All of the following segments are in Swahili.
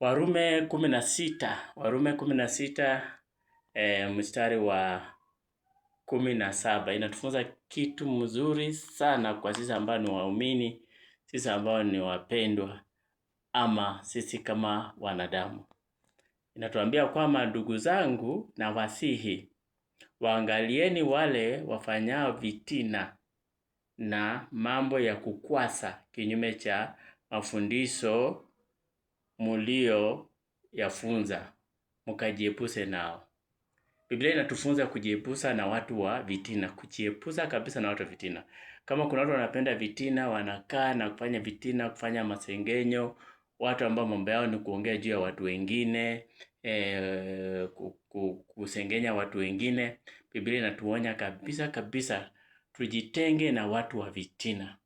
Warume kumi na sita Warume kumi na sita e, eh, mstari wa kumi na saba inatufunza kitu mzuri sana kwa sisi ambao ni waumini, sisi ambao ni wapendwa, ama sisi kama wanadamu. Inatuambia kwamba ndugu zangu, na wasihi waangalieni wale wafanyao vitina na mambo ya kukwasa kinyume cha mafundisho mulioyafunza mkajiepuse nao. Biblia inatufunza kujiepusa na watu wa vitina, kujiepusa kabisa na watu wa vitina. Kama kuna watu wanapenda vitina, wanakaa na kufanya vitina, kufanya masengenyo, watu ambao mambo yao ni kuongea juu ya watu wengine, e, kusengenya watu wengine. Biblia inatuonya kabisa kabisa tujitenge na watu wa vitina,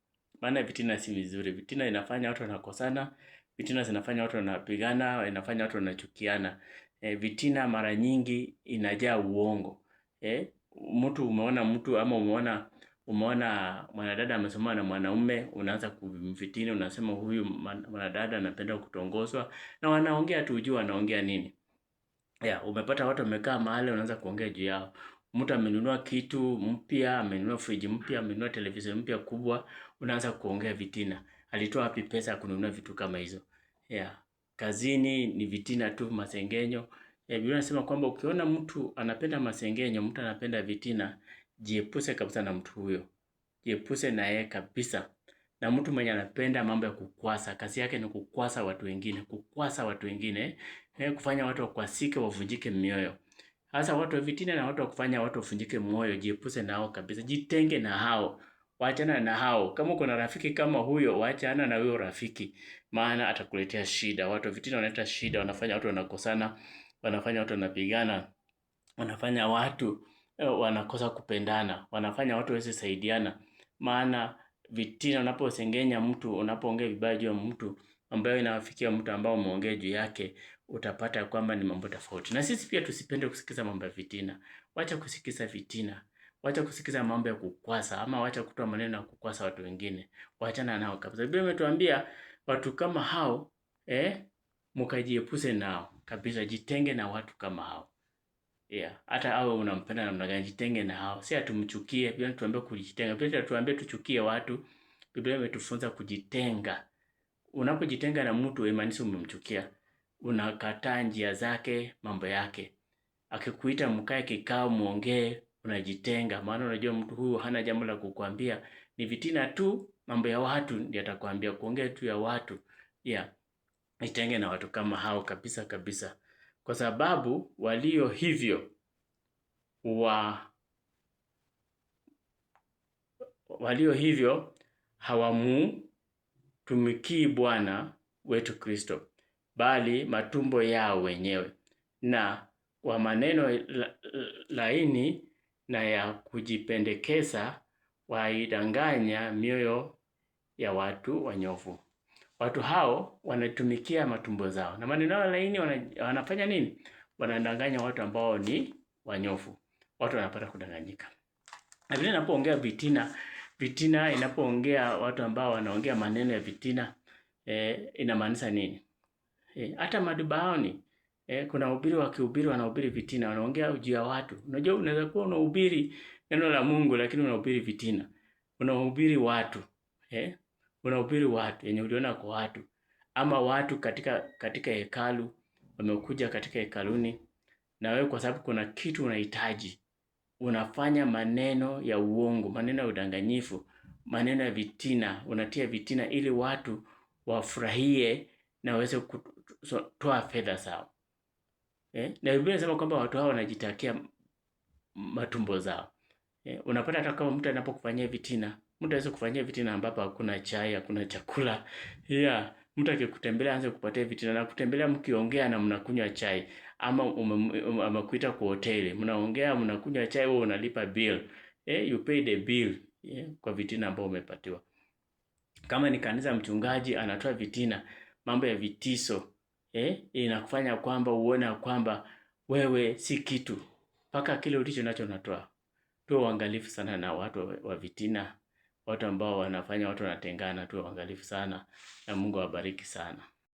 maana vitina si vizuri. Vitina inafanya watu wanakosana, Vitina zinafanya watu wanapigana, inafanya watu wanachukiana. E, vitina mara nyingi inajaa uongo. E, mtu umeona mtu ama umeona umeona mwanadada amesoma na mwanaume, unaanza kumfitini, unasema huyu mwanadada anapenda kutongozwa, na wanaongea tu, ujua wanaongea nini. Ya, umepata watu wamekaa mahali, unaanza kuongea juu yao. Mtu amenunua kitu mpya, amenunua friji mpya, amenunua televisheni mpya kubwa, unaanza kuongea vitina alitoa wapi pesa ya kununua vitu kama hizo? Yeah. Kazini ni vitina tu, masengenyo. Eh, Biblia inasema kwamba ukiona mtu anapenda masengenyo, mtu anapenda vitina, jiepuse kabisa na mtu huyo. Jiepuse na yeye kabisa. Na mtu mwenye anapenda mambo ya kukwasa, kazi yake ni kukwasa watu wengine, kukwasa watu wengine, eh, kufanya watu wakwasike, wavunjike mioyo. Hasa watu wa vitina na watu wa kufanya watu wafunjike moyo, jiepuse nao kabisa, jitenge na hao waachana na hao. Kama kuna rafiki kama huyo, waachana na huyo rafiki, maana atakuletea shida. Watu vitina wanaleta shida, wanafanya watu wanakosana, wanafanya watu wanapigana, wanafanya watu eh, wanakosa kupendana, wanafanya watu waweze saidiana. Maana vitina, unaposengenya mtu, unapoongea vibaya juu ya mtu ambayo inawafikia mtu ambao umeongea juu yake, utapata kwamba ni mambo tofauti. Na sisi pia tusipende kusikiza mambo ya vitina. Wacha kusikiza vitina. Wacha kusikiza mambo ya kukwasa ama wacha kutoa maneno ya kukwasa watu wengine. Waachana nao kabisa. Biblia imetuambia watu kama hao eh, mkajiepuse nao kabisa, jitenge na watu kama hao. Yeah, hata awe unampenda namna gani, jitenge na hao. Si atumchukie. Biblia inatuambia kujitenga. Biblia inatuambia tuchukie watu. Biblia imetufunza kujitenga. Unapojitenga na mtu imaanisha umemchukia. Unakataa njia zake, mambo yake. Akikuita mkae kikao, muongee, unajitenga, maana unajua mtu huyu hana jambo la kukwambia. Ni vitina tu, mambo ya watu ndiyo atakwambia, kuongea tu ya watu yeah. itenge na watu kama hao kabisa kabisa, kwa sababu walio hivyo wa walio hivyo hawamutumikii Bwana wetu Kristo, bali matumbo yao wenyewe na wa maneno laini na ya kujipendekeza waidanganya mioyo ya watu wanyofu. Watu hao wanatumikia matumbo zao na maneno yao laini, wanafanya nini? Wanadanganya watu ambao ni wanyofu, watu wanapata kudanganyika. Na vile inapoongea vitina, vitina inapoongea watu ambao wanaongea maneno ya vitina, eh, inamaanisha nini? E, hata madubaoni Eh, kuna ubiri wahubiri wakihubiri wanahubiri vitina, wanaongea juu ya watu. Unajua unaweza kuwa unahubiri neno la Mungu lakini unahubiri vitina. Unahubiri watu. Eh? Unahubiri watu yenye uliona kwa watu. Ama watu katika katika hekalu wamekuja katika hekaluni na wewe kwa sababu kuna kitu unahitaji. Unafanya maneno ya uongo, maneno ya udanganyifu, maneno ya vitina, unatia vitina ili watu wafurahie na waweze kutoa fedha zao eh? Na Biblia inasema kwamba watu hao wanajitakia matumbo zao eh? Unapata hata kama mtu anapokufanyia vitina, mtu aweze kufanyia vitina ambapo hakuna chai, hakuna chakula yeah. Mtu akikutembelea anze kupatia vitina na kutembelea, mkiongea na mnakunywa chai ama amekuita kwa hoteli, mnaongea mnakunywa chai, wewe unalipa bill eh, you pay the bill yeah, kwa vitina ambao umepatiwa. Kama ni kanisa, mchungaji anatoa vitina, mambo ya vitiso eh, inakufanya kwamba uone kwamba wewe si kitu, mpaka kile ulicho nacho unatoa. Tuwe uangalifu sana na watu wa vitina, watu ambao wanafanya watu wanatengana. Tuwe uangalifu sana, na Mungu awabariki sana.